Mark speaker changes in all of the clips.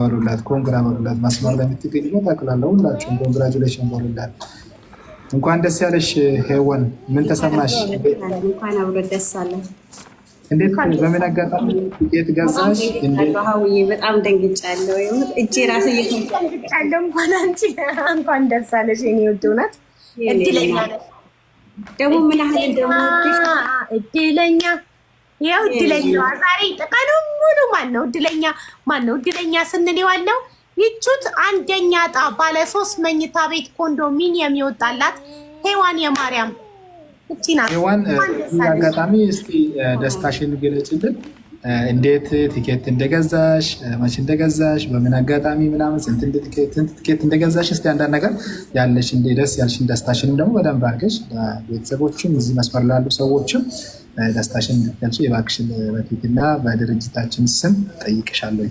Speaker 1: በሉላት ኮንግራ በሉላት። መስመር ላይ የምትገኝ ታክላለሁ። ሁላችሁም ኮንግራጁሌሽን በሉላት። እንኳን ደስ ያለሽ ሄወን፣ ምን ተሰማሽ? እንዴት በምን አጋጣሚ ትኬት ገዛሽ?
Speaker 2: በጣም ደንግጫለሁ። እጄ ራሴ ደንግጫለሁ። እንኳን አንቺ እንኳን ደስ አለሽ የኔ ውድ። እውነት እድለኛ ደግሞ ምን ያህል ደግሞ እድለኛ ያው እድለኛዋ ዛሬ ቀኑን ሙሉ ማን ነው እድለኛ? ማን ነው እድለኛ ስንል ዋለው ይቹት አንደኛ ጣ ባለ ሶስት መኝታ ቤት ኮንዶሚኒየም የወጣላት ሄዋን የማርያም እቺ ናት።
Speaker 1: ሔዋን አጋጣሚ እስቲ ደስታሽን ገለጭልን። እንዴት ቲኬት እንደገዛሽ፣ መቼ እንደገዛሽ፣ በምን አጋጣሚ ምናምን ስንት ቲኬት እንደገዛሽ እስቲ አንዳንድ ነገር ያለሽ እንደ ደስ ያልሽን ደስታሽንም ደግሞ በደንብ አድርገሽ ለቤተሰቦችም እዚህ መስመር ላሉ ሰዎችም ደስታሽን እንድትገልጪ እባክሽን በፊትና በድርጅታችን ስም ጠይቅሻለሁ።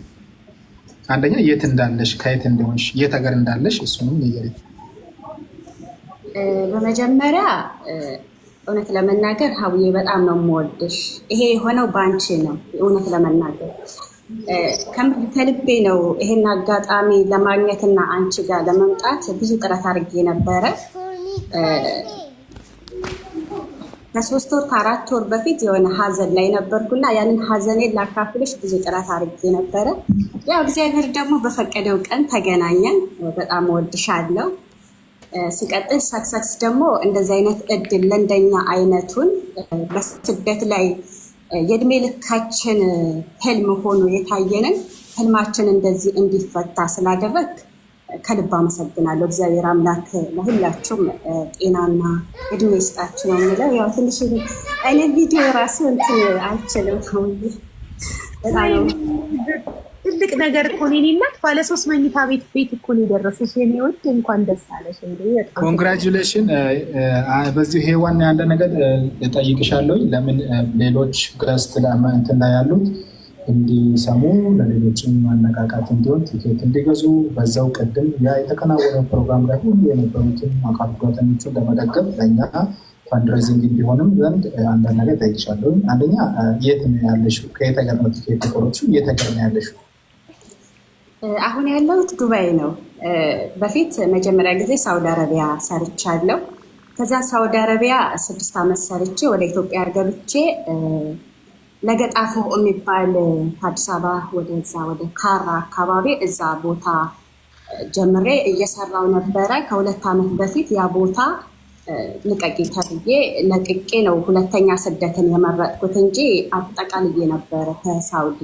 Speaker 1: አንደኛ የት እንዳለሽ፣ ከየት እንደሆንሽ፣ የት ሀገር እንዳለሽ እሱንም ንገሪኝ።
Speaker 2: በመጀመሪያ እውነት ለመናገር ሀዬ በጣም ነው የምወድሽ። ይሄ የሆነው በአንቺ ነው። እውነት ለመናገር ከልቤ ነው። ይሄን አጋጣሚ ለማግኘትና አንቺ ጋር ለመምጣት ብዙ ጥረት አድርጌ ነበረ ከሶስት ወር ከአራት ወር በፊት የሆነ ሀዘን ላይ ነበርኩና ያንን ሀዘኔን ላካፍልሽ ብዙ ጥረት አድርጌ ነበረ። ያው እግዚአብሔር ደግሞ በፈቀደው ቀን ተገናኘን። በጣም ወድሻለሁ። ሲቀጥል ሰክሰክስ ደግሞ እንደዚህ አይነት እድል ለእንደኛ አይነቱን በስደት ላይ የእድሜ ልካችን ህልም ሆኖ የታየንን ህልማችን እንደዚህ እንዲፈታ ስላደረግ ከልብ አመሰግናለሁ። እግዚአብሔር አምላክ ለሁላችሁም ጤናና እድሜ ይስጣችሁ ነው የምለው። ያው ትንሽ እኔ ቪዲዮ ራሱ እንትን አልችልም። ትልቅ ነገር እኮ ነው የእኔ እናት፣ ባለ ሶስት መኝታ ቤት ቤት እኮ ነው የደረሰሽ የእኔ ወድ። እንኳን ደስ አለሽ።
Speaker 1: ኮንግራጁሌሽን። በዚሁ ሄዋን ያለ ነገር እጠይቅሻለሁ። ለምን ሌሎች ገስት እንትን ላይ ያሉት እንዲሰሙ ለሌሎችም ማነቃቃት እንዲሆን ቲኬት እንዲገዙ በዛው ቅድም ያ የተከናወነ ፕሮግራም ላይ ሁሉ የነበሩትን አካል ጉዳተኞችን ለመደገፍ ለእኛ ፈንድሬዚንግ እንዲሆንም ዘንድ አንዳንድ ነገር ጠይቻለሁ። አንደኛ የት ነው ያለሽው? ከየተገር ነው ቲኬት ቆሮች እየተገር ነው ያለሽ?
Speaker 2: አሁን ያለሁት ዱባይ ነው። በፊት መጀመሪያ ጊዜ ሳውዲ አረቢያ ሰርቻለሁ። ከዚያ ሳውዲ አረቢያ ስድስት ዓመት ሰርቼ ወደ ኢትዮጵያ ገብቼ ለገጣፎ የሚባል ከአዲስ አበባ ወደዛ ወደ ካራ አካባቢ እዛ ቦታ ጀምሬ እየሰራው ነበረ። ከሁለት ዓመት በፊት ያ ቦታ ልቀቂ ተብዬ ለቅቄ ነው ሁለተኛ ስደትን የመረጥኩት እንጂ አጠቃልዬ ነበረ ከሳውዲ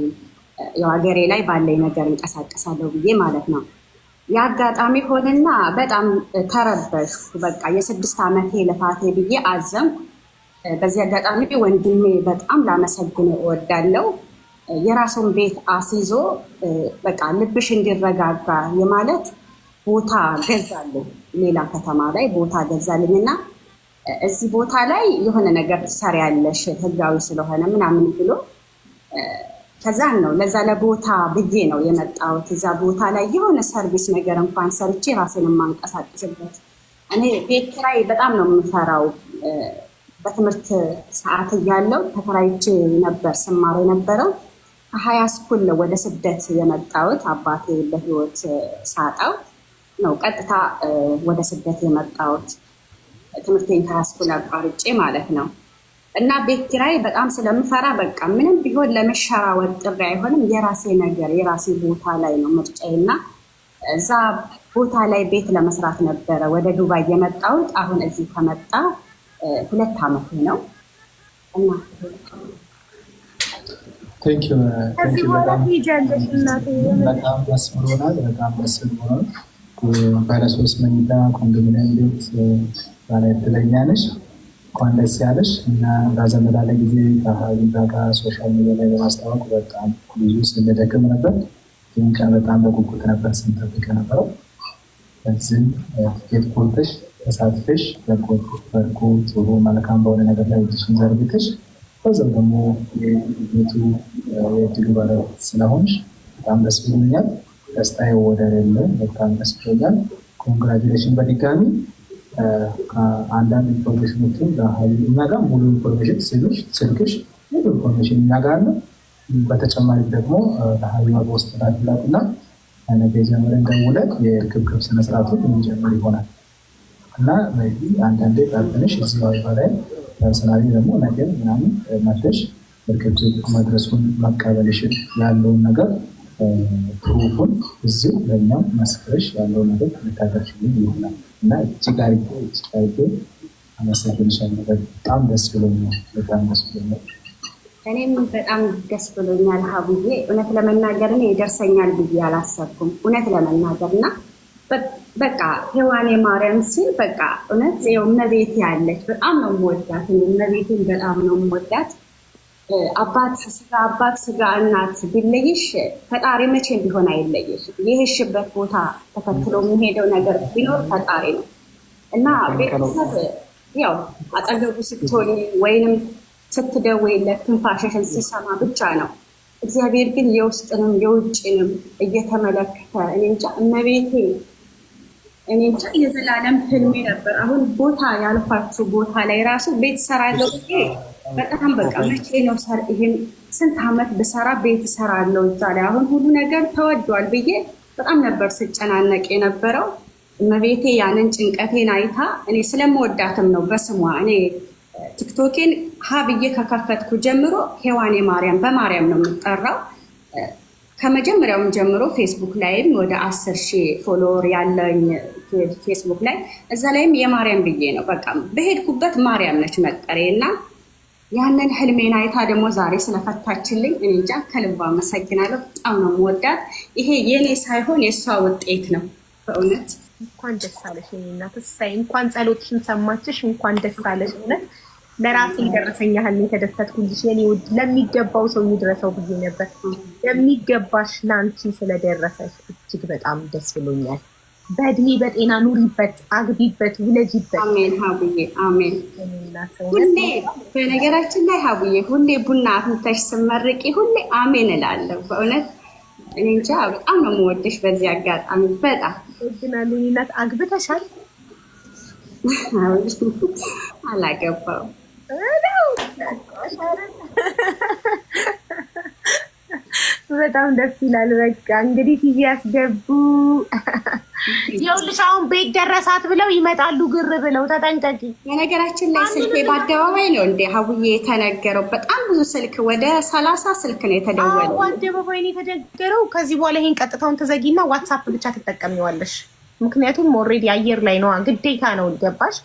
Speaker 2: የሀገሬ ላይ ባለኝ ነገር እንቀሳቀሳለሁ ብዬ ማለት ነው። የአጋጣሚ ሆንና በጣም ተረበሽኩ። በቃ የስድስት ዓመቴ ልፋቴ ብዬ አዘንኩ። በዚህ አጋጣሚ ወንድሜ በጣም ላመሰግን እወዳለሁ። የራሱን ቤት አስይዞ በቃ ልብሽ እንዲረጋጋ የማለት ቦታ ገዛልኝ፣ ሌላ ከተማ ላይ ቦታ ገዛልኝ እና እዚህ ቦታ ላይ የሆነ ነገር ትሰሪያለሽ ህጋዊ ስለሆነ ምናምን ብሎ ከዛን ነው ለዛ ለቦታ ብዬ ነው የመጣሁት። እዛ ቦታ ላይ የሆነ ሰርቪስ ነገር እንኳን ሰርቼ ራሴን የማንቀሳቀስበት እኔ ቤት ኪራይ በጣም ነው የምፈራው። በትምህርት ሰዓት እያለው ተከራይቼ ነበር ስማር የነበረው። ከሀያ ስኩል ወደ ስደት የመጣሁት አባቴ በህይወት ሳጣው ነው ቀጥታ ወደ ስደት የመጣሁት ትምህርቴን ከሀያ ስኩል አቋርጬ ማለት ነው። እና ቤት ኪራይ በጣም ስለምፈራ በቃ ምንም ቢሆን ለመሸራ ጥሪ አይሆንም። የራሴ ነገር የራሴ ቦታ ላይ ነው ምርጫዬ እና እዛ ቦታ ላይ ቤት ለመስራት ነበረ ወደ ዱባይ የመጣሁት። አሁን እዚህ ከመጣ ሁለት ዓመት ነው እና uh,
Speaker 1: በጣም ደስ ብሎናል። በጣም ደስ ብሎናል። ባለሶስት መኝታ ኮንዶሚኒየም ቤት ባለ እድለኛ ነሽ። እንኳን ደስ ያለሽ እና ጊዜ ከሀቢባ ጋር ሶሻል ሚዲያ ላይ በማስታወቅ በጣም ብዙ ስንደክም ነበር። ይህን ቀን በጣም በጉጉት ነበር ስንጠብቅ ነበረው። በዚህም ትኬት ቆርጠሽ ተሳትፈሽ በጎ ጥሩ መልካም በሆነ ነገር ላይ እጅሽን ዘርግተሽ በዚም ደግሞ የቤቱ የድሉ ባለቤት ስለሆንሽ በጣም ደስ ብሎኛል። ደስታ ወደር የለም። በጣም ደስ ብሎኛል። ኮንግራጁሌሽን በድጋሚ አንዳንድ ኢንፎርሜሽኖችን ለሀይል እናጋ ሙሉ ኢንፎርሜሽን ስልሽ ስልክሽ ሙሉ ኢንፎርሜሽን እናጋለ በተጨማሪ ደግሞ ለሀይዋ በውስጥ ላትላት እና ነገ ጀምረን ደውለን የክብክብ ስነስርዓቱን የሚጀምር ይሆናል። እና በዚህ አንዳንዴ ታፍነሽ እዚህ ዋይፋ ላይ ፐርሰናሊ ደግሞ ነገር ምናምን መተሽ ምልክቱ መድረሱን መቀበልሽን ያለውን ነገር ፕሩፉን እዚሁ ለእኛም መስክረሽ ያለውን ነገር መታገርሽ ይሆናል እና እጅግ አድርጌ እጅግ አድርጌ አመሰግንሻለሁ። በጣም ደስ ብሎኛል። በጣም ደስ ብሎኛል።
Speaker 2: እኔም በጣም ደስ ብሎኛል ሀቡዬ። እውነት ለመናገር እኔ ይደርሰኛል ብዬ አላሰብኩም። እውነት ለመናገር እና በቃ ሔዋኔ ማርያም ሲል በቃ እውነት ይኸው ያለች በጣም ነው የምወዳት። እመቤቴን በጣም ነው የምወዳት። አባት ስጋ አባት ስጋ እናት ቢለይሽ ፈጣሪ መቼ ቢሆን አይለይሽ። የሄድሽበት ቦታ ተከትሎ የሚሄደው ነገር ቢኖር ፈጣሪ ነው እና ቤተሰብ ያው አጠገቡ ስትሆኝ ወይንም ስትደውይለት ትንፋሽሽን ሲሰማ ብቻ ነው። እግዚአብሔር ግን የውስጥንም የውጭንም እየተመለከተ እኔ እንጃ እመቤቴ እኔ እንጃ የዘላለም ህልሜ ነበር። አሁን ቦታ ያልኳቸው ቦታ ላይ ራሱ ቤት ሰራለሁ። በጣም በቃ መቼ ነው ይሄን ስንት ዓመት ብሰራ ቤት ሰራለው እዛ ላይ አሁን ሁሉ ነገር ተወዷል ብዬ በጣም ነበር ስጨናነቅ የነበረው። እመቤቴ ያንን ጭንቀቴን አይታ እኔ ስለምወዳትም ነው በስሟ እኔ ቲክቶኬን ሀ ብዬ ከከፈትኩ ጀምሮ ሄዋኔ ማርያም በማርያም ነው የምጠራው ከመጀመሪያውም ጀምሮ ፌስቡክ ላይም ወደ አስር ሺህ ፎሎወር ያለኝ ፌስቡክ ላይ እዛ ላይም የማርያም ብዬ ነው በቃ በሄድኩበት ማርያም ነች መጠሬ እና ያንን ህልሜን አይታ ደግሞ ዛሬ ስለፈታችልኝ እኔ እንጃ ከልባ አመሰግናለሁ። በጣም ነው የምወዳት። ይሄ የኔ ሳይሆን የእሷ ውጤት ነው። በእውነት እንኳን ደስ አለሽ እናት። እሰይ እንኳን ጸሎትሽን ሰማችሽ። እንኳን ደስ አለሽ እውነት ለራሴ የደረሰኝ ያህል የተደሰትኩልሽ የኔ ውድ፣ ለሚገባው ሰው ይድረሰው ብዬ ነበር። የሚገባሽ ለአንቺ ስለደረሰሽ እጅግ በጣም ደስ ብሎኛል። በእድሜ በጤና ኑሪበት፣ አግቢበት፣ ውለጂበት። አሜን ሀቡዬ፣ አሜን። ሁሌ በነገራችን ላይ ሀቡዬ፣ ሁሌ ቡና አፍልተሽ ስመርቂ ሁሌ አሜን እላለሁ። በእውነት እኔ እንጃ በጣም ነው የምወድሽ። በዚህ አጋጣሚ በጣም ወድናሉኝነት አግብተሻል? አላገባው በጣም ደስ ይላል። በቃ እንግዲህ ቲቪ ያስገቡ። ይኸውልሽ አሁን ቤት ደረሳት ብለው ይመጣሉ፣ ግር ብለው ተጠንቀቂ። የነገራችን ላይ ስልክ በአደባባይ ነው እንደ ሀቡዬ የተነገረው። በጣም ብዙ ስልክ ወደ ሰላሳ ስልክ ነው የተደወለው፣ አደባባይ ነው የተነገረው። ከዚህ በኋላ ይሄን ቀጥታውን ተዘጊና ዋትሳፕ ብቻ ትጠቀሚዋለሽ። ምክንያቱም ኦልሬዲ አየር ላይ ነዋ፣ ግዴታ ነው። ገባሽ?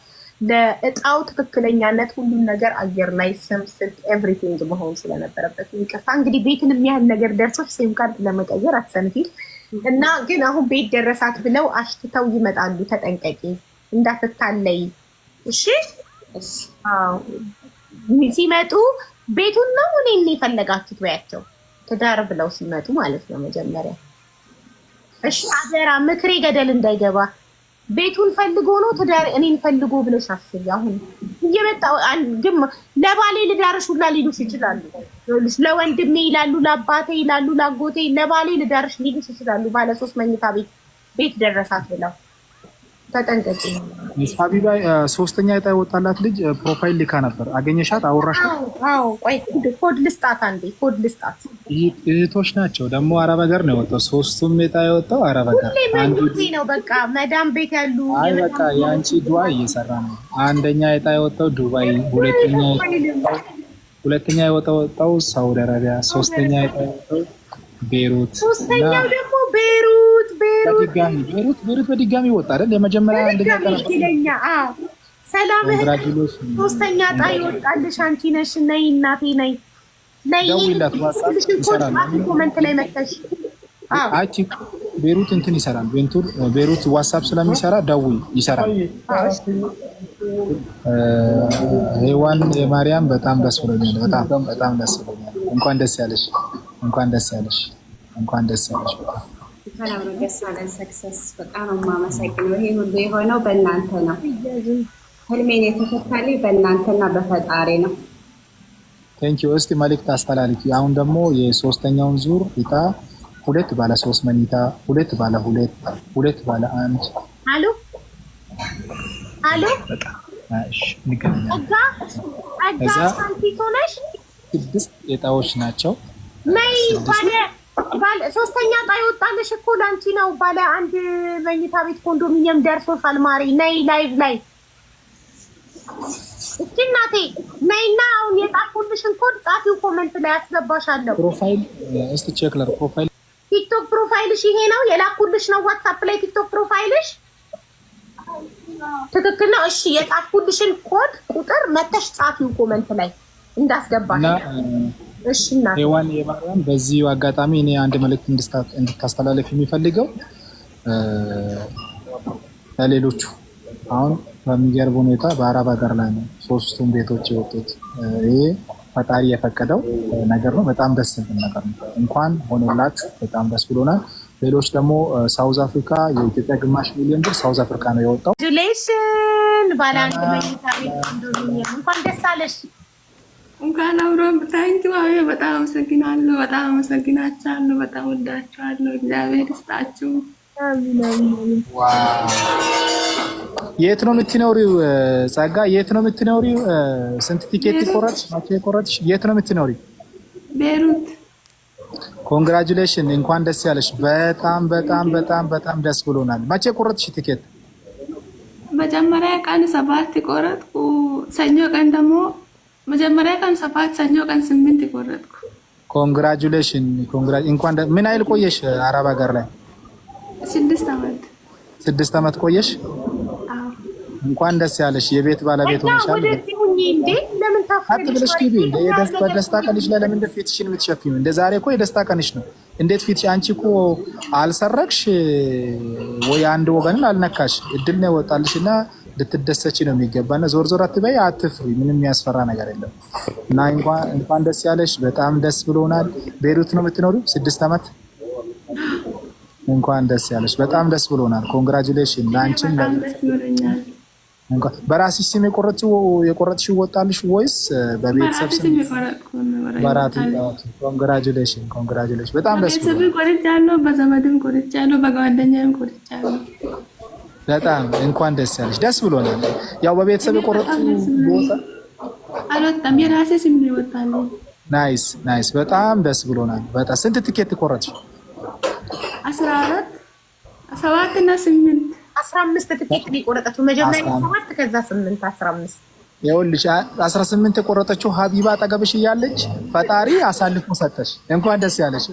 Speaker 2: ለእጣው ትክክለኛነት ሁሉም ነገር አየር ላይ ስም፣ ስልክ ኤቭሪቲንግ መሆን ስለነበረበት ይቅርታ እንግዲህ ቤትን የሚያህል ነገር ደርሶች ሲም ካርድ ለመቀየር አትሰንፊል እና ግን አሁን ቤት ደረሳት ብለው አሽትተው ይመጣሉ። ተጠንቀቂ እንዳትታለይ። እሺ ሲመጡ ቤቱን ነው እኔን የፈለጋችሁት በያቸው ትዳር ብለው ሲመጡ ማለት ነው መጀመሪያ። እሺ አደራ ምክሬ ገደል እንዳይገባ ቤቱን ፈልጎ ነው ትዳር እኔን ፈልጎ ብለሽ አስቢ። አሁን እየመጣ ግን ለባሌ ልዳርሽ ሁላ ሊሉሽ ይችላሉ። ለወንድሜ ይላሉ፣ ለአባቴ ይላሉ፣ ለአጎቴ ለባሌ ልዳርሽ ሊሉሽ ይችላሉ። ባለ ሶስት መኝታ ቤት ቤት ደረሳት ብለው ተጠንቀቂ።
Speaker 1: ሀቢባ ሶስተኛ ዕጣ የወጣላት ልጅ ፕሮፋይል ልካ ነበር። አገኘሻት? አወራሻት?
Speaker 2: ቆይ ኮድ ልስጣት አንዴ፣ ኮድ ልስጣት።
Speaker 1: እህቶች ናቸው ደግሞ አረብ ሀገር ነው የወጣው። ሶስቱም ዕጣ የወጣው አረብ ሀገር
Speaker 2: ነው። በቃ መዳም ቤት ያሉ
Speaker 1: አይ በቃ የአንቺ ዱዓ እየሰራ ነው። አንደኛ ዕጣ የወጣው ዱባይ፣ ሁለተኛ ሁለተኛ የወጣው ሳውዲ አረቢያ፣ ሶስተኛ የወጣው ቤሩት፣
Speaker 2: ሶስተኛው ደግሞ ቤሩት
Speaker 1: ቤሩት ቤሩት በድጋሚ ወጣ አይደል? የመጀመሪያ
Speaker 2: አንደኛ ሰላም ሶስተኛ ዕጣ ይወጣልሽ አንቺ ነሽ። ነይ እናቴ ነይ ነይ። ኮመንት ላይ መተሽ
Speaker 1: አቺ ቤሩት እንትን ይሰራል። ቤንቱር ቤሩት ዋትሳፕ ስለሚሰራ ደውይ ይሰራል። ሄዋን የማርያም በጣም ደስ ብሎኛል። በጣም በጣም ደስ ብሎኛል። እንኳን ደስ ያለሽ፣ እንኳን ደስ ያለሽ፣ እንኳን ደስ ያለሽ።
Speaker 2: ሰላም ነው። ደስ ሰክሰስ በጣም የማመሰግነው ይሄ ሁሉ የሆነው በእናንተ ነው። ህልሜን የተፈታልኝ በእናንተና በፈጣሪ ነው።
Speaker 1: ቴንኪ ዩ። እስቲ መልእክት አስተላልፊ። አሁን ደግሞ የሶስተኛውን ዙር ዕጣ ሁለት ባለ ሶስት መኝታ፣ ሁለት ባለ ሁለት፣ ሁለት ባለ አንድ።
Speaker 2: አሎ አሎ፣
Speaker 1: ስድስት ዕጣዎች ናቸው።
Speaker 2: ሶስተኛ ጣይ የወጣልሽ እኮ ለአንቺ ነው። ባለ አንድ መኝታ ቤት ኮንዶሚኒየም ደርሶሻል። ማሪ ነይ ላይቭ ላይ እቺ እናቴ ነይና አሁን የጻፍኩልሽን ኮድ ጻፊው ኮመንት ላይ አስገባሻለሁ።
Speaker 1: ፕሮፋይል እስቲ ቼክ ለር ፕሮፋይል
Speaker 2: ቲክቶክ ፕሮፋይልሽ ይሄ ነው የላኩልሽ ነው። ዋትሳፕ ላይ ቲክቶክ ፕሮፋይልሽ ትክክል ነው። እሺ የጻፍኩልሽን ኮድ ቁጥር መተሽ ጻፊው ኮመንት ላይ እንዳስገባሽ
Speaker 1: ሄዋን የማርያም በዚሁ አጋጣሚ እኔ አንድ መልእክት እንድታስተላለፍ የሚፈልገው ለሌሎቹ አሁን በሚገርብ ሁኔታ በአረብ ሀገር ላይ ነው ሶስቱም ቤቶች የወጡት። ይሄ ፈጣሪ የፈቀደው ነገር ነው። በጣም ደስ የሚል ነገር ነው። እንኳን ሆነላችሁ፣ በጣም ደስ ብሎናል። ሌሎች ደግሞ ሳውዝ አፍሪካ የኢትዮጵያ ግማሽ ሚሊዮን ብር ሳውዝ አፍሪካ ነው የወጣው።
Speaker 2: ባለ መኝታ ቤት እንኳን ደስ አለሽ። እንኳን አብረን ታንኪው አቤ በጣም አመሰግናለሁ። በጣም አመሰግናችኋለሁ። በጣም ወዳችኋለሁ። እግዚአብሔር ይስጣችሁ።
Speaker 1: የት ነው የምትኖሪው? ጸጋ የት ነው የምትኖሪው? ስንት ቲኬት ቆረጥሽ? ማቼ የት ነው የምትኖሪው? ቤሩት። ኮንግራጁሌሽን፣ እንኳን ደስ ያለሽ። በጣም በጣም በጣም በጣም ደስ ብሎናል። ማቼ ቆረጥሽ ቲኬት?
Speaker 2: መጀመሪያ ቀን ሰባት ቆረጥኩ። ሰኞ ቀን ደግሞ መጀመሪያ ቀን ሰባት ሰኞ ቀን ስምንት ይቆረጥኩ።
Speaker 1: ኮንግራጁሌሽን እንኳን ምን አይል ቆየሽ? አረብ ሀገር ላይ
Speaker 2: ስድስት ዓመት
Speaker 1: ስድስት አመት ቆየሽ። እንኳን ደስ ያለሽ፣ የቤት ባለቤት
Speaker 2: ሆነሻል። አት ብለሽ
Speaker 1: ግቢ እንደ የደስታ ቀንሽ ላይ ለምን ፊትሽን የምትሸፊው? እንደ ዛሬ እኮ የደስታ ቀንሽ ነው። እንዴት ፊትሽ አንቺ እኮ አልሰረቅሽ ወይ አንድ ወገንን አልነካሽ። እድል ነው የወጣልሽና ልትደሰች ነው የሚገባ እና ዞር ዞር አትበይ፣ አትፍሪ። ምንም የሚያስፈራ ነገር የለም እና እንኳን ደስ ያለሽ። በጣም ደስ ብሎናል። ቤሩት ነው የምትኖሩ ስድስት ዓመት እንኳን ደስ ያለሽ። በጣም ደስ ብሎናል። ኮንግራጁሌሽን ለአንቺም። በራስሽ ስም የቆረጥሽ ወጣልሽ ወይስ በቤተሰብ ስም? ኮንግራጁሌሽን፣ ኮንግራጁሌሽን። በጣም ደስ
Speaker 2: ብሎናል። በቤተሰብ ቆርጫለሁ፣ በዘመድም ቆርጫለሁ፣ በጓደኛም ቆርጫለሁ።
Speaker 1: በጣም እንኳን ደስ ያለሽ። ደስ ብሎናል። ያው በቤተሰብ የቆረጡ
Speaker 2: አልወጣም፣ የራሴ ስም ይወጣል።
Speaker 1: ናይስ ናይስ፣ በጣም ደስ ብሎናል። በጣም ስንት ትኬት ቆረጥሽ?
Speaker 2: አስራ አራት ሰባት እና ስምንት አስራ አምስት ትኬት የቆረጠችው መጀመሪያ ሰባት ከዛ ስምንት አስራ አምስት
Speaker 1: ይኸውልሽ 18 የቆረጠችው ሀቢባ አጠገብሽ እያለች ፈጣሪ አሳልፎ ሰጠሽ። እንኳን ደስ ያለሽ።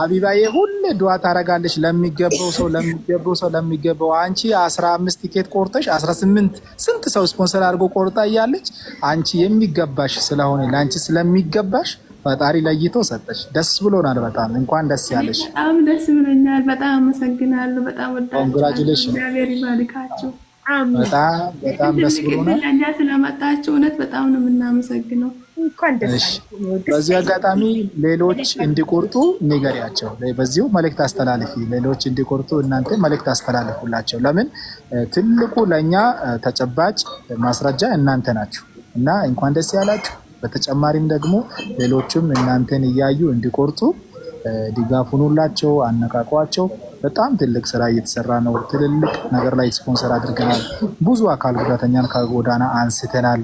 Speaker 1: ሀቢባዬ ሁሌ ድዋ ታረጋለች ለሚገባው ሰው ለሚገባው ሰው ለሚገባው። አንቺ 15 ቲኬት ቆርጠሽ 18 ስንት ሰው ስፖንሰር አድርጎ ቆርጣ እያለች አንቺ የሚገባሽ ስለሆነ ለአንቺ ስለሚገባሽ ፈጣሪ ለይቶ ሰጠች ደስ ብሎናል በጣም እንኳን ደስ ያለሽ።
Speaker 2: በጣም ደስ ብሎኛል። በጣም አመሰግናለሁ። በጣም ወዳችሁ። እግዚአብሔር ይባርካችሁ።
Speaker 1: በጣም በጣም ደስ ብሎናል።
Speaker 2: ስለመጣችሁ እውነት በጣም ነው የምናመሰግነው።
Speaker 1: በዚህ አጋጣሚ ሌሎች እንዲቆርጡ ንገሪያቸው። በዚሁ መልእክት አስተላልፊ፣ ሌሎች እንዲቆርጡ እናንተ መልእክት አስተላልፉላቸው። ለምን ትልቁ ለእኛ ተጨባጭ ማስረጃ እናንተ ናችሁ እና እንኳን ደስ ያላችሁ። በተጨማሪም ደግሞ ሌሎችም እናንተን እያዩ እንዲቆርጡ ድጋፍ ሁላቸው አነቃቋቸው። በጣም ትልቅ ስራ እየተሰራ ነው። ትልልቅ ነገር ላይ ስፖንሰር አድርገናል። ብዙ አካል ጉዳተኛን ከጎዳና አንስተናል።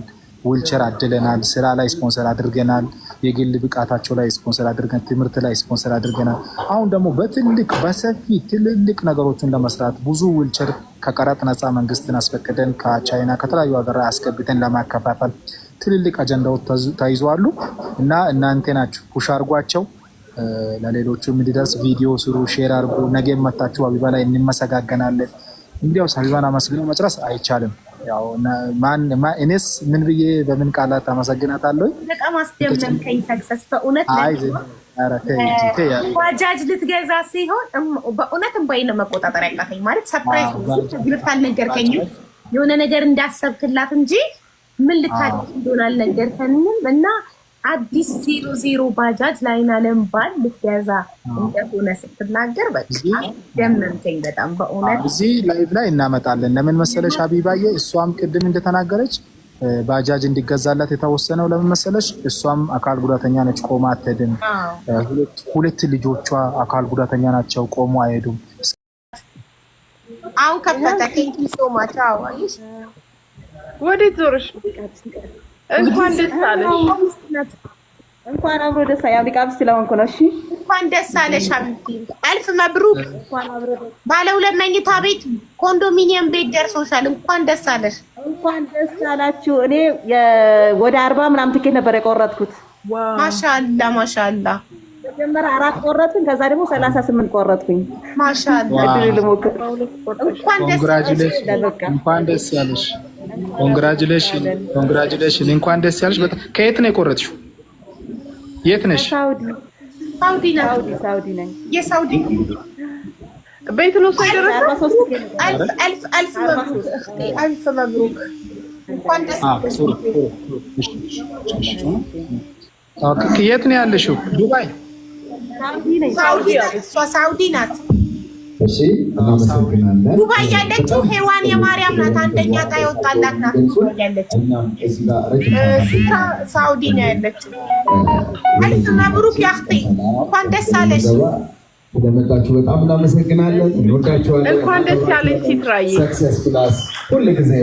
Speaker 1: ዊልቸር አድለናል። ስራ ላይ ስፖንሰር አድርገናል። የግል ብቃታቸው ላይ ስፖንሰር አድርገናል። ትምህርት ላይ ስፖንሰር አድርገናል። አሁን ደግሞ በትልቅ በሰፊ ትልልቅ ነገሮችን ለመስራት ብዙ ዊልቸር ከቀረጥ ነፃ መንግስትን አስፈቅደን ከቻይና ከተለያዩ ሀገር አስገብተን ለማከፋፈል ትልልቅ አጀንዳዎች ተይዘዋሉ እና እናንተ ናችሁ ፑሽ አድርጓቸው። ለሌሎቹ እንዲደርስ ቪዲዮ ስሩ፣ ሼር አድርጉ። ነገ መታችሁ ሀቢባ ላይ እንመሰጋገናለን። እንግዲያውስ ሀቢባን አመስግኖ መጨረስ አይቻልም። እኔስ ምን ብዬ በምን ቃላት አመሰግናታለሁ?
Speaker 2: በጣም አስደመምከኝ ሰክሰስ። በእውነት ባጃጅ ልትገዛ ሲሆን በእውነት እንባዬን ነው መቆጣጠር ያቃተኝ። ማለት ሰፕራይዝ ግርፍት አልነገርከኝም። የሆነ ነገር እንዳሰብክላት እንጂ ምን ልታደርግ እንደሆነ አልነገርከንም እና አዲስ ዜሮ ዜሮ ባጃጅ ለአይን አለም ባል ልትገዛ እንደሆነ ስትናገር በደመምተኝ በጣም በእውነት።
Speaker 1: እዚህ ላይቭ ላይ እናመጣለን። ለምን መሰለሽ ሀቢባዬ፣ እሷም ቅድም እንደተናገረች ባጃጅ እንዲገዛላት የተወሰነው ለምን መሰለሽ፣ እሷም አካል ጉዳተኛ ነች፣ ቆማ አትሄድም። ሁለት ልጆቿ አካል ጉዳተኛ ናቸው፣ ቆሞ አይሄዱም።
Speaker 2: አሁን ከፈተ ወዴት ዞርሽ? እንኳን ደስ አለሽ። እንኳን አብሮ ደስ ያው ሊቃብ ስለሆንኩ ነው። እሺ እንኳን ደስ አለሽ አንቲ፣ አልፍ መብሩክ። ባለ ሁለት መኝታ ቤት ኮንዶሚኒየም ቤት ደርሶሻል። እንኳን ደስ አለሽ። እንኳን ደስ አላችሁ። እኔ ወደ አርባ ምናምን ትኬት ነበር የቆረጥኩት። ማሻአላ ማሻአላ መጀመሪያ አራት ቆረጥኩኝ፣ ከዛ ደግሞ ሰላሳ ስምንት ቆረጥኩኝ።
Speaker 1: እንኳን ደስ ያለሽ። ኮንግራጁሌሽን ኮንግራጁሌሽን፣ እንኳን ደስ ያለሽ። ከየት ነው የቆረጥሽው? የት ነሽ?
Speaker 2: ሳውዲ ሳውዲ ነኝ። የሳውዲ ቤት ነው የደረሰው። አልፍ መብሩክ
Speaker 1: የት ነው ያለሽው? ዱባይ
Speaker 2: እሷ ሳውዲ ናት። እሺ እናመሰግናለን። ዱባይ ያለችው ሄዋን የማርያም ናት። አንደኛ ዕጣ የወጣላት ናት። ያለችው ሳውዲ ነው ያለችው። አልፍ መብሩክ ያክቴ እንኳን ደስ አለሽ።
Speaker 1: ስለመጣችሁ በጣም እናመሰግናለን። እንወዳችኋለን።
Speaker 2: እንኳን ደስ ያለሽ ሲትራዬ
Speaker 1: ሰክሰስ ፕላስ ሁልጊዜ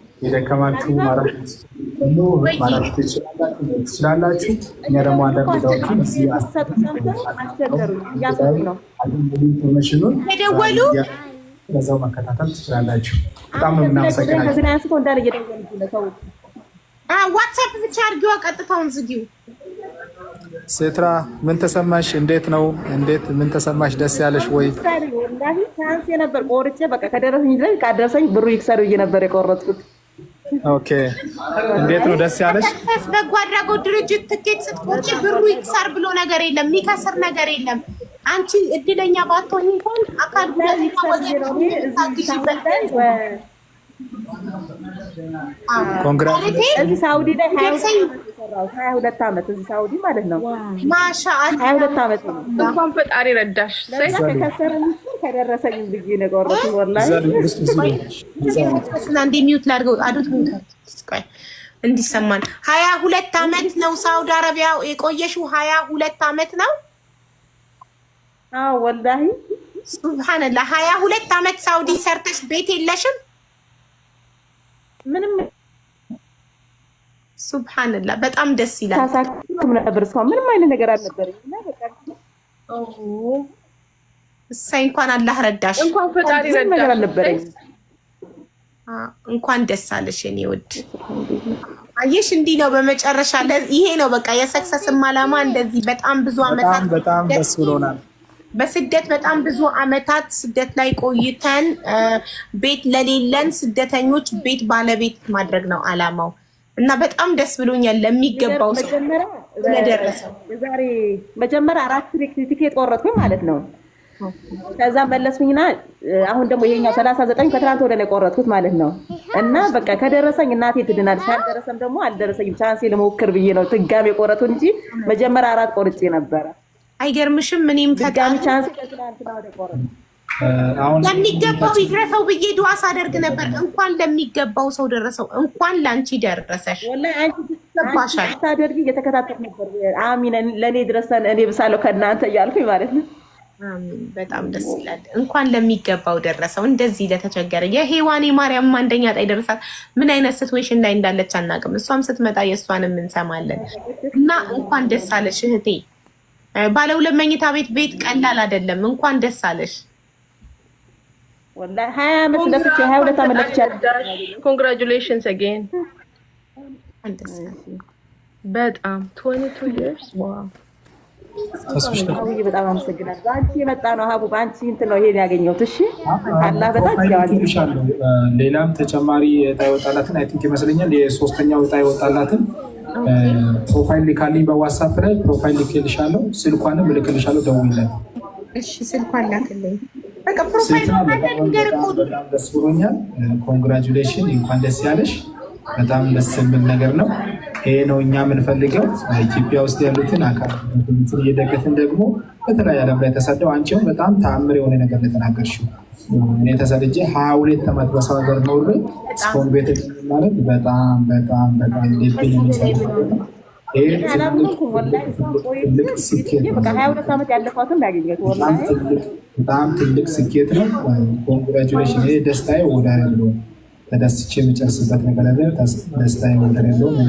Speaker 1: የደከማችሁ ማረፍ ማረፍ ትችላላችሁ። እኛ ደግሞ ኢንፎርሜሽኑን በዛው መከታተል ትችላላችሁ። በጣም ነው የምናመሰግናችሁ።
Speaker 2: ዋትሳፕ ብቻ አድርጊዋ፣ ቀጥታውን ዝጊው።
Speaker 1: ሴትራ ምን ተሰማሽ? እንዴት ነው? እንዴት ምን ተሰማሽ? ደስ ያለሽ ወይ?
Speaker 2: ቻንስ የነበር ቆርጬ በቃ ከደረሰኝ ድረስ ካደረሰኝ ብሩ ይክሰሩ እየነበር የቆረጥኩት
Speaker 1: ኦኬ፣ እንዴት ነው ደስ ያለሽ?
Speaker 2: ተክሳስ በጎ አድራጎት ድርጅት ትኬት ስትቆርጭ ብሩ ይክሳር ብሎ ነገር የለም፣ የሚከስር ነገር የለም። አንቺ እድለኛ ባትሆኝ እንኳን አካል ጉዳት ታግሽበት። ኮንግራ ሳውዲ ላይ ሀያ ሁለት ዓመት እዚህ ሳውዲ ማለት ነው። ሀያ ሁለት ዓመት ነው። እንኳን ፈጣሪ ረዳሽ። ከከሰረኝ ከደረሰኝ ብዬሽ ነው የቆረጥኩት። ወላሂ እንዲሰማን። ሀያ ሁለት ዓመት ነው ሳውዲ አረቢያ የቆየሽው? ሀያ ሁለት ዓመት ነው። አዎ ወላሂ ሱብሃነላህ። ሀያ ሁለት ዓመት ሳውዲ ሰርተሽ ቤት የለሽም ምንም ሱብሃንላ በጣም ደስ ይላል። ታሳክም ነበር እስካሁን ምንም አይነት ነገር አልነበረኝና እሳይ እንኳን አላህ ረዳሽ፣ እንኳን ፈጣሪ ነገር አልነበረኝ። እንኳን ደስ አለሽ የኔ ውድ። አየሽ እንዲህ ነው በመጨረሻ ይሄ ነው በቃ የሰክሰስም አላማ እንደዚህ በጣም ብዙ
Speaker 1: አመታት በጣም ደስ ብሎናል።
Speaker 2: በስደት በጣም ብዙ አመታት ስደት ላይ ቆይተን ቤት ለሌለን ስደተኞች ቤት ባለቤት ማድረግ ነው አላማው። እና በጣም ደስ ብሎኛል። ለሚገባው ሰው ስለደረሰው ዛሬ መጀመሪያ አራት ትኬት ቆረጥኩኝ ማለት ነው። ከዛ መለስኩኝና አሁን ደግሞ ይሄኛው ሰላሳ ዘጠኝ ከትናንት ወደ ነው የቆረጥኩት ማለት ነው። እና በቃ ከደረሰኝ እናቴ ትድናል ካልደረሰም ደግሞ አልደረሰኝም፣ ቻንሴ ልሞክር ብዬ ነው ትጋሚ የቆረጡ እንጂ መጀመሪያ አራት ቆርጬ ነበረ። አይገርምሽም? እኔም ፈጣሪ ቻንሴ ከትናንትና ወደ ቆረጥኩት ለሚገባው ይድረሰው ብዬ ድዋ ሳደርግ ነበር። እንኳን ለሚገባው ሰው ደረሰው። እንኳን ለአንቺ ደረሰሽ። ገባሻል ሳደርግ እየተከታተል ነበር። አሚን ለእኔ ድረሰን እኔ ብሳለሁ ከእናንተ እያልኩኝ ማለት ነው። በጣም ደስ ይላል። እንኳን ለሚገባው ደረሰው። እንደዚህ ለተቸገረ የሔዋኔ ማርያም አንደኛ ጣይ ይደርሳል። ምን አይነት ስትዌሽን ላይ እንዳለች አናውቅም። እሷም ስትመጣ የእሷንም እንሰማለን እና እንኳን ደስ አለሽ እህቴ። ባለ ሁለት መኝታ ቤት ቤት ቀላል አይደለም። እንኳን ደስ አለሽ። ወላሂ ሀያ አመት ለፍቼ ሀያ ሁለት አመት ለፍቼ ኮንግራጁሌሽንስ በጣም ትወኒ ቱ ይርስ ዋው በጣም አመሰግናለሁ። በአንቺ የመጣ ነው ሀቡ፣ በአንቺ እንትን ነው ይሄን ያገኘሁት። እሺ አላህ በጣም ሌላም ተጨማሪ እጣ አይ ቲንክ ይመስለኛል የሶስተኛው እጣ ፕሮፋይል ልካልኝ በዋትሳፕ ላይ ፕሮፋይል ልክልሻለሁ፣ ስልኳንም ልክልሻለሁ። እሺ፣ ስልኳን ላክልኝ። በጣም ደስ ብሎኛል። ኮንግራጁሌሽን፣ እንኳን ደስ ያለሽ። በጣም ደስ የሚል ነገር ነው። ይሄ ነው እኛ የምንፈልገው። ኢትዮጵያ ውስጥ ያሉትን አካል እየደገፍን ደግሞ በተለያየ ዓለም ላይ ተሰደው አንቺውን በጣም ተአምር የሆነ ነገር ለተናገርሽው እኔ ተሰድጄ ሀያ ሁለት ዓመት በሰው ሀገር ኖሬ እስካሁን ቤት ማለት በጣም በጣም በጣም ልብ የሚሰራ ትልቅ ስኬት ነው። በጣም ትልቅ ስኬት ነው። ኮንግራቹሌሽን። ይሄ ደስታ ወደር የለውም። ተደስቼ የምጨርስበት ነገር ያለ ደስታዬ ወደር የለውም።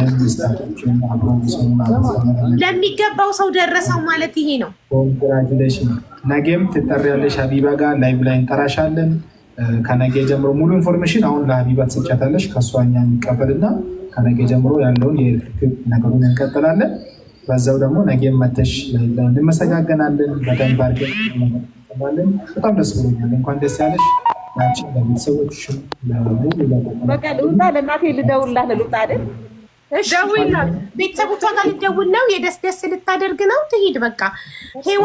Speaker 2: ለሚገባው ሰው ደረሰው ማለት ይሄ ነው። ኮንግራቹሌሽን። ነገም ትጠሪያለሽ ሀቢባ ጋር ላይቭ ላይ እንጠራሻለን። ከነገ ጀምሮ ሙሉ ኢንፎርሜሽን አሁን ለሀቢባ ትሰጫታለሽ። ከእሷ እኛ የሚቀበልና ከነገ ጀምሮ ያለውን የርክብ ነገሩን እንቀጥላለን። በዛው ደግሞ ነገም መተሽ ላይ እንመሰጋገናለን በደንብ አድርገን እናለን። በጣም ደስ ብሎኛል። እንኳን ደስ ያለሽ ለአንቺ፣ ለቤተሰቦችሽም፣ ለሙሉ በቃ ልውጣ። ለእናቴ ልደውልላት ልውጣ አይደል? ቤተሰቦቿ ጋር ልደውል ነው። የደስ ደስ ልታደርግ ነው። ትሂድ በቃ ሄዋ